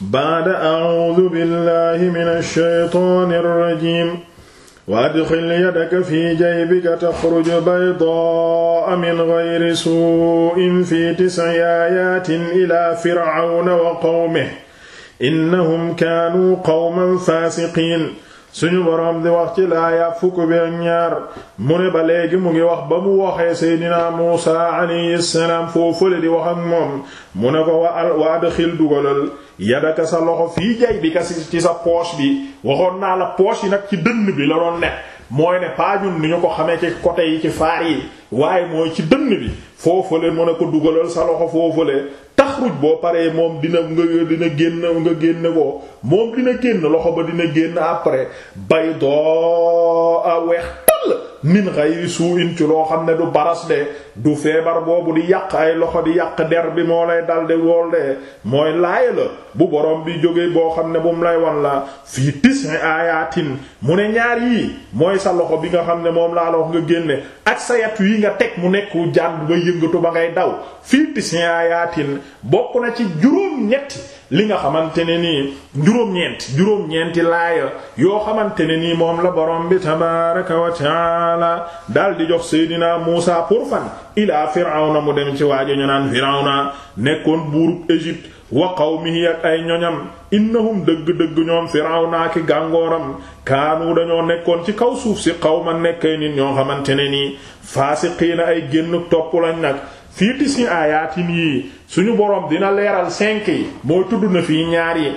baada audu billahi min alsheytaan alrajim wa adxil yadaka fi jaybika taxruju baydaa min gayri suu'in fi tisci aayaatin ila fircawna wa qawmihi innahum kaanuu qawman faasiqiin suñu boroom di wax ci laaya fukk bi ak ñaar mu ne ba léegi mu ngi wax ba mu waxee seydinaa Muusaa alayhi salaam foofale di wax ak moom mu ne ko wa adxil dugalal yadaka sa loxo fii jay bi ka ci sa poche bi waxoon naa la poche yi nag ci dënn bi la doon ne mooy ne paañun ni ñu ko xamee ci côté yi ci faar yi waaye mooy ci dënn bi foofale mën a ko dugalal sa loxo foofale taxruj boo paree moom dina nga dina génn nga génn ko moom dina génn loxo ba dina génn après bay doo a weex tëll min ghayri su'in ci loo xam ne du baras de du feebar boobu di yàq ay loxo di yàq der bi moo lay dal di wool mooy laaya la bu borom bi jógee boo xam ne bu mu lay wan la fii tis'i ayatin mu ne ñaar yii mooy sa loxo bi nga xam ne moom laa la wax nga génne ak sa yat yi nga teg mu nekk jaan ba yëngatu ba ngay daw fii tis'i ayatin bokk na ci juróom ñetti li nga xamante ne nii juróom-ñeent juróom-ñeenti laaya yoo xamante ne nii moom la borom bi tabaaraka wa taala dal di jox Seydina Muusa pour fan ilaa firawna mu dem ci waajo ñu naan firawna nekkoon buurub Égypte wa xaw ak ay ñoñam innahum dëgg-dëgg ñoom firawna ki gàngooram kaanu dañoo nekkoon ci kaw suuf si xaw ma nekkay nit ñoo xamante ne nii faasiqiina ay génn topp lañ nag fii tisi aayaatin yii suñu boroom dina leeral cinq yi mooy tudd na fii ñaar yi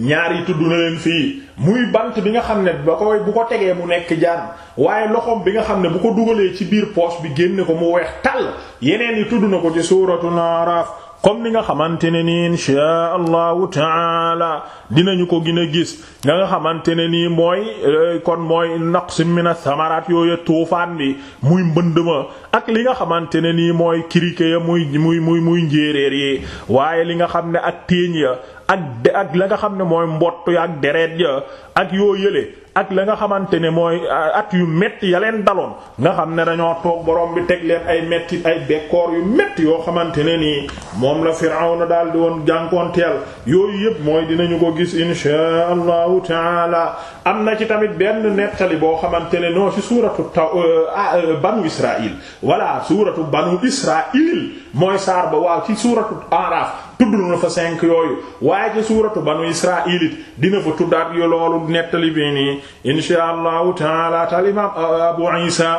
ñaar yi tudd na leen fii muy bant bi nga xam ne ba koy bu ko tegee mu nekk jaan waaye loxoom bi nga xam ne bu ko dugalee ci biir poche bi génn ko mu weex tàll yeneen yi tudd na ko ci suuratul Araf comme ni nga xamante ne nii inshaa allahu taala dinañu ko gën a gis nga nga xamante ne nii mooy eh, kon mooy naqs mina samaraat yooyu tuufaan bi muy mbënd ma ak li nga xamante ne nii mooy kirike ya muy muy muy muy njéeréer yi waaye li nga xam ne ak téeñ ya ak de ak la nga xam ne mooy mbott ya ak deret ya ak yoo yële ak la nga xamante ne mooy at yu metti ya leen daloon nga xam ne dañoo toog borom bi teg leen ay metti ay bekkoor yu metti yoo xamante ne nii moom la na daal di woon jànkoonteel yooyu yëpp mooy dinañu ko gis inshaa allahu taala am na ci tamit benn nettali boo xamante ne noo ci suuratu taw euh, euh, banu Israil walla suuratu banu Israil mooy saar ba waaw ci suuratu Araf tudd na fa cinq yooyu waaye ci suuratu banu israil it dina fa tuddaat yu loolu nettali bi nii insha allahu taala tal imam abu isa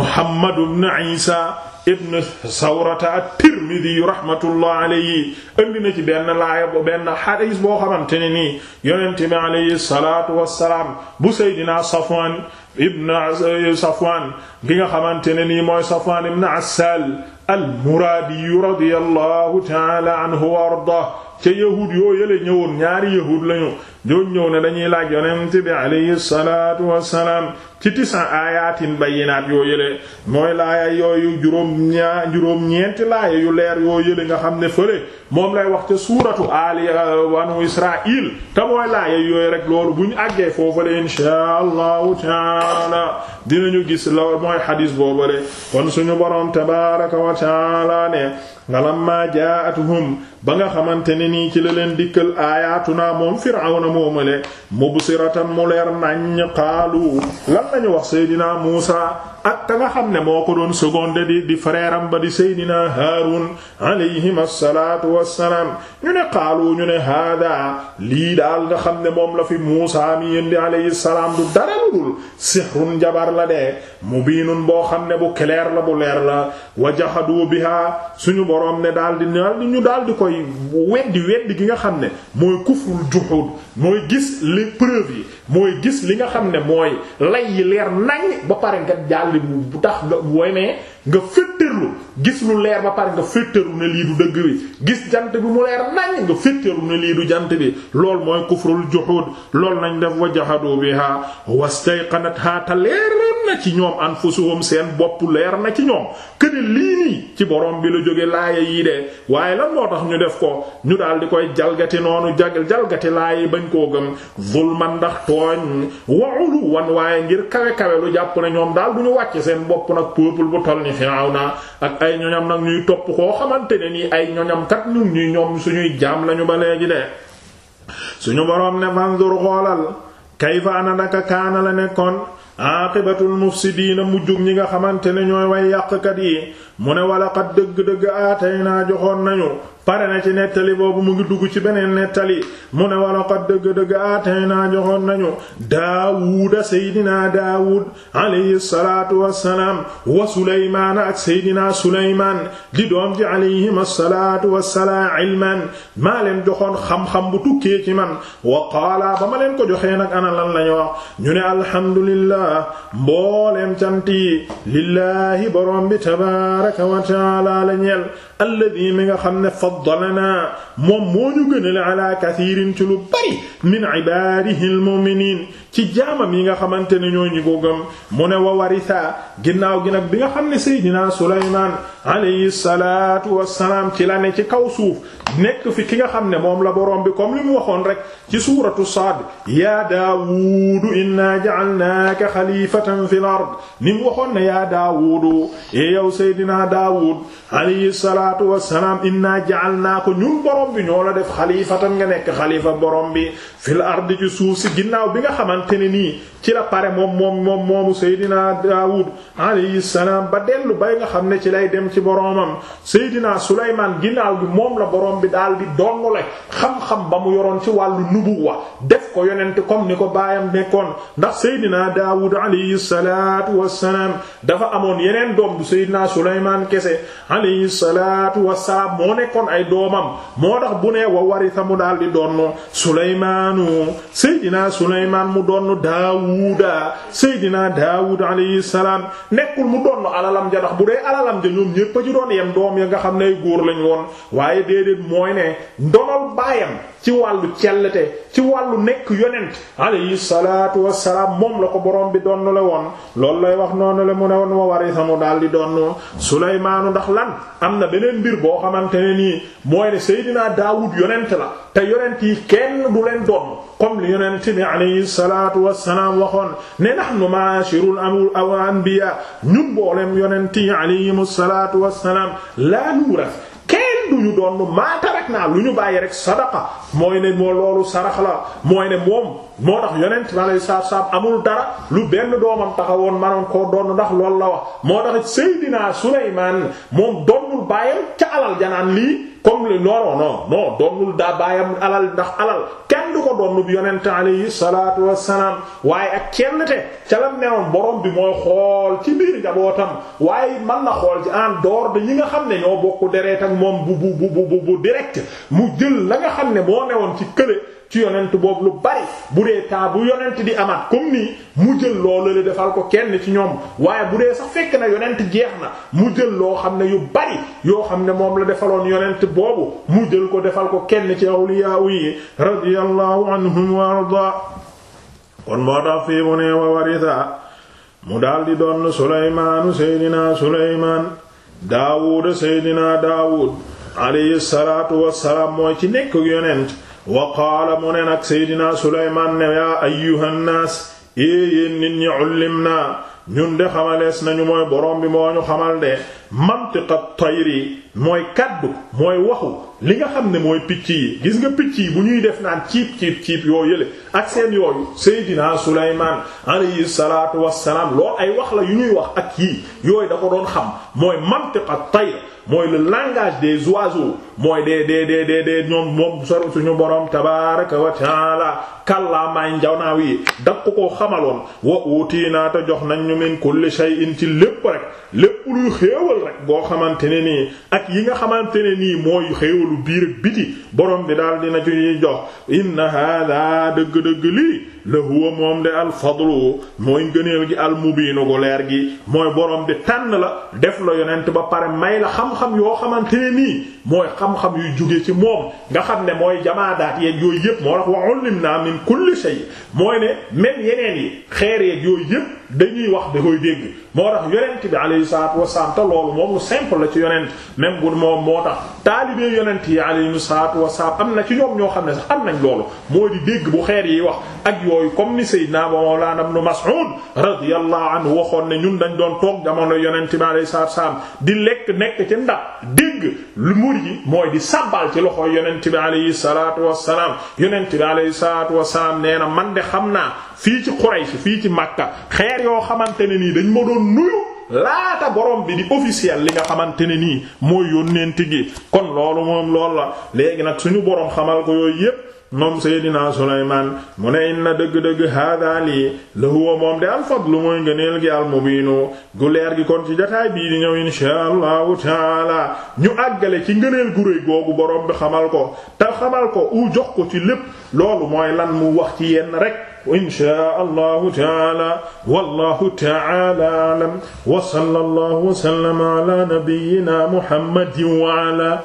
muhammad ibn isa ibn sawrata at-tirmidhi rahmatullah alayhi indi na ci benn laaya benn xadis boo xamante ne nii yonent bi alayhi salaatu wassalaam bu seydina safwan ibn eh, safwan gi nga xamante ne nii mooy safwan ibn assal al-muraadi radiyallahu ta'ala anhu wa arda ca yahuud yoo yële ñëwoon ñaari yahuud lañu joon ñëw ne dañuy laaj yonent bi alayhi salaatu wassalaam ci tisan aayaatin bayyinaat yoo yële mooy laaya yooyu juróom ñaa juróom ñeenti laaya yu leer yoo yële nga xam ne fële moom lay wax ca suuratu aali euh, banu israil te mooy laaya yooyu rek loolu bu ñu àggee foofale inshaa allahu taala dinañu gis la mooy xadis boobale kon suñu boroom tabaraka wa taala ne nga lamma jaatuhum ba nga xamante ne nii ci la leen dikkal aayaatunaa moom firawna moomale mubsiratan mu leer nañ qaalu lan lañu wax seydinaa Muusa ak ka nga xam ne moo ko doon seconde di di frère am ba di seydinaa Haarun alayhim assalaatu wassalaam ñu ne qaalu ñu ne hada lii daal nga xam ne moom la fi Muusa mi yendi alayhi salaam du dara ludul sihrun njabar la de mubiinun boo xam ne bu clair la bu leer la wajahadu biha suñu boroom ne daal di ñu daal di koy weddi weddi gi nga xam ne mooy kufrul juhud mooy gis les preuves yi mooy gis li nga xam ne mooy lay yi leer nañ ba pare nga jàll bu tax nga woy ne nga féttéerlu gis lu leer ba pare nga féttéerlu ne lii du dëgg bi gis jant bi mu leer nañ nga féttéerlu ne lii du jant bi lool mooy kufrul juhud lool nañ def wa jahadu biha wastayqanatha ta leer na ci ñoom anfusuhum seen bopp leer na ci ñoom këne lii nii ci borom bi la jóge laaya yii de waaye lan moo tax ñu def ko ñu daal di koy jalgati noonu jagal jalgati laaya bañ koo gën gëm man ndax tooñ wa'ulu wan waaye ngir kawe kawe lu jàpp ne ñoom daal du ñu wàcc seen bopp nag peuple bu toll ni Firawna ak ay ñoñam nag ñuy topp koo xamante ne nii ay ñoñam kat ñun ñuy ñoom suñuy jaam lañu ba léegi de suñu borom ne fanzur xoolal kayfa ana naka kaana la aqibatul mufsidiina mujjug ñi nga xamante ne ñooy way yàqkat yi mu ne wala qad dëgg-dëgg aatay naa joxoon nañu pare na ci nettali boobu mu ngi dugg ci beneen nettali mu ne wala qad dëgg-dëgg aatay naa joxoon nañu daawuda seydinaa daawud alayhi salaatu wassalaam wa suleymaana ak seydinaa suleymaan di doom ji alayhim assalaatu wassalaam maa leen joxoon xam-xam bu tukkee ci man wa qaala ba ma leen ko joxee nag ana lan lañu wax ñu ne alhamdulillah mbooleem cant yi lillaahi boroom bi tabaaraka wa taala la ñeel alladi mi nga xam ne faddalanaa moom moo ñu gënale ala kathirin ci lu bari min ibaadihi al mu'miniin ci jaamam yi nga xamante ne ñoo ñi ko gëm mu ne wa warisa ginnaaw gi nag bi nga xam ne seydinaa Sulaymaan alayhi salaatu wassalaam ci la ne ci kaw suuf nekk fi ki nga xam ne moom la borom bi comme li mu waxoon rek ci suuratu Saad yaa Daawudu inna ja'alnaaka xalifatan fil ard ni mu waxoon ne yaa Daawudu e eh, yow seydinaa Daawud alayhi salaatu wassalaam inna ja'alnaaka ñun borom bi ñoo la def xalifatan nga nekk xalifa borom bi fil ard ci suuf si ginnaaw bi nga xamante xamante ne nii ci la pare moom moom moom moomu Seydina Daawud alayhi salaam ba dellu bay nga xam ne ci lay dem ci boroomam Seydina Sulaymaan ginnaaw gi moom la boroom bi daal di donn la xam-xam ba mu yoroon ci wàllu wa def ko yonent comme ni ko baayam nekkoon ndax Seydina Daawud alayhi salaatu wassalaam dafa amoon yeneen doom bu Seydina Sulaymaan kese alayhi salaatu wassalaam moo nekkoon ay doomam moo tax bu ne wa warisa mu daal di donn donn daawuda seydinaa daawud alayhi salaam nekkul mu donn alalam ja ndax bu dee alalam ja ñoom ñépp ci doon yem doom ya nga xam ne góor lañu woon waaye déedéet mooy ne ndonol baayam ci wàllu cellete ci wàllu nekk yonent alayhi salaatu wassalaam moom la ko borom bi donnu le woon loolu lay wax noonu le mu ne woon wa warisa mu daal di donnu Sulaymaanu ndax lan am na beneen mbir boo xamante ne nii mooy ne Seydina yonent la te yonent yi kenn du leen donn comme li yonent bi alayhi salaatu wassalaam waxoon ne nahnu ma'ashirul anbiya ñun booleem yonent yi alayhimu salaatu wassalaam laa nuurath kenn du ñu doon naa lu ñu bàyyi rek sadaqa mooy ne moo loolu sarax la mooy ne moom moo tax yonent ma lay saab saab amul dara lu benn doomam taxawoon manoon koo doon ndax loolu la wax moo tax Seydina Sulaymaan moom doonul bàyyam ca alal janaan lii comme non non non non bàyyam alal ndax alal kenn moo doon nu yonent alayhi salaatu wassalaam waaye ak kenn te ca la newoon bi mooy xool ci biir njabootam waaye man na xool ci en door de yi nga xam ne ñoo bokku deret ak moom bu bu bu bu bu direct mu jël la nga xam ne moo newoon ci kële ci yonent boobu lu bari bu dee temps bu yonent di amaat comme nii mu jël loolu la defal ko kenn ci ñoom waaye bu dee sax fekk na yonent jeex na mu jël loo xam ne yu bari yoo xam ne moom la defaloon yonent boobu mu jël ko defal ko kenn ci awliya yi radiyallahu anhum wa arda kon moo tax fii mu ne wa warisa mu daal di doon suleymaanu seydinaa suleymaan daawuuda seydinaa daawuud alayhi salaatu wassalaam mooy ci nekk yonent wa qaala mu nag seydinaa suleymaan ne yaa ayyuhannaas ee yéen nit ñi ullim naa ñun de xamalees nañu mooy borom bi moo ñu xamal de mantiqat tayri mooy kaddu mooy waxu li nga xam ne mooy picc yi gis nga picc yi bu ñuy def naan ciip ciip ciip yoo yële ak seen yooyu Seydina Sulaymaan alayhi salaatu wassalaam lool ay wax la yu ñuy wax ak yii yooyu da ko doon xam mooy mantiqat tayr mooy le langage des oiseaux mooy des des de des des ñoom moom saru suñu borom tabaaraka wa taala kàllaamaay njanaaw yi da ko ko xamaloon wa utiinaata jox nañ ñu min kulli shay'in ci lépp rek lépp luy rek boo xamante ne nii ak yi nga xamante ne nii mooy xéewalu biir ak biti borom bi daal dina ci ñuy jox inna hada dëgg-dëgg lii la huwa moom de alfadlu mooy ngëneel gi almubiinu gu leer gi mooy borom bi tànn la def la yonent ba pare may la xam-xam yoo xamantee ne nii mooy xam-xam yuy jóge ci moom nga xam ne mooy jamaadaat yeeg yooyu yëpp moo tax wa ullimna min kulli shay mooy ne même yeneen yi xeer yeeg yooyu yëpp dañuy wax da koy dégg moo tax yonent bi alayhi salaatu moom lu simple la ci yonent même bu moom moo tax taalibee yonent yi alayhi salaatu wasalaam am na ci ñoom ñoo xam ne sax am nañ loolu mooy di dégg bu xeer yi wax ak yooyu comme ni Seydina Mawlana Ibn Mas'ud radiyallahu anhu waxoon ne ñun dañ doon toog jamono yonent bi alayhi salaam di lekk nekk ci ndax dégg lu mur yi mooy di sabbal ci loxo yonent bi alayhi salaatu wassalaam yonent bi alayhi salaatu wassalaam nee na man de xam naa fii ci Quraysh fii ci Makka xeer yoo xamante ne nii dañ ma doon nuyu. laata boroom bi di officiel li nga xamante ne nii mooy yónnent gi kon loolu moom lool la léegi nag suñu borom xamal yooyu yépp moom Seydina Sulaymaan mu ne inna dëgg-dëgg haadaa lii la huwa moom de alfadlu mooy ngëneel gi almubiinu gu leer gi kon ci jotaay bii di ñëw inshaa allahu taala ñu àggale ci ngëneel googu borom bi xamal ko te xamal ko u jox ko ci lépp loolu mooy lan mu wax ci yenn rek inshaa allahu taala wallahu taala a'lam wa sallallahu wa sallama ala nabiyyina muhammadin wa ala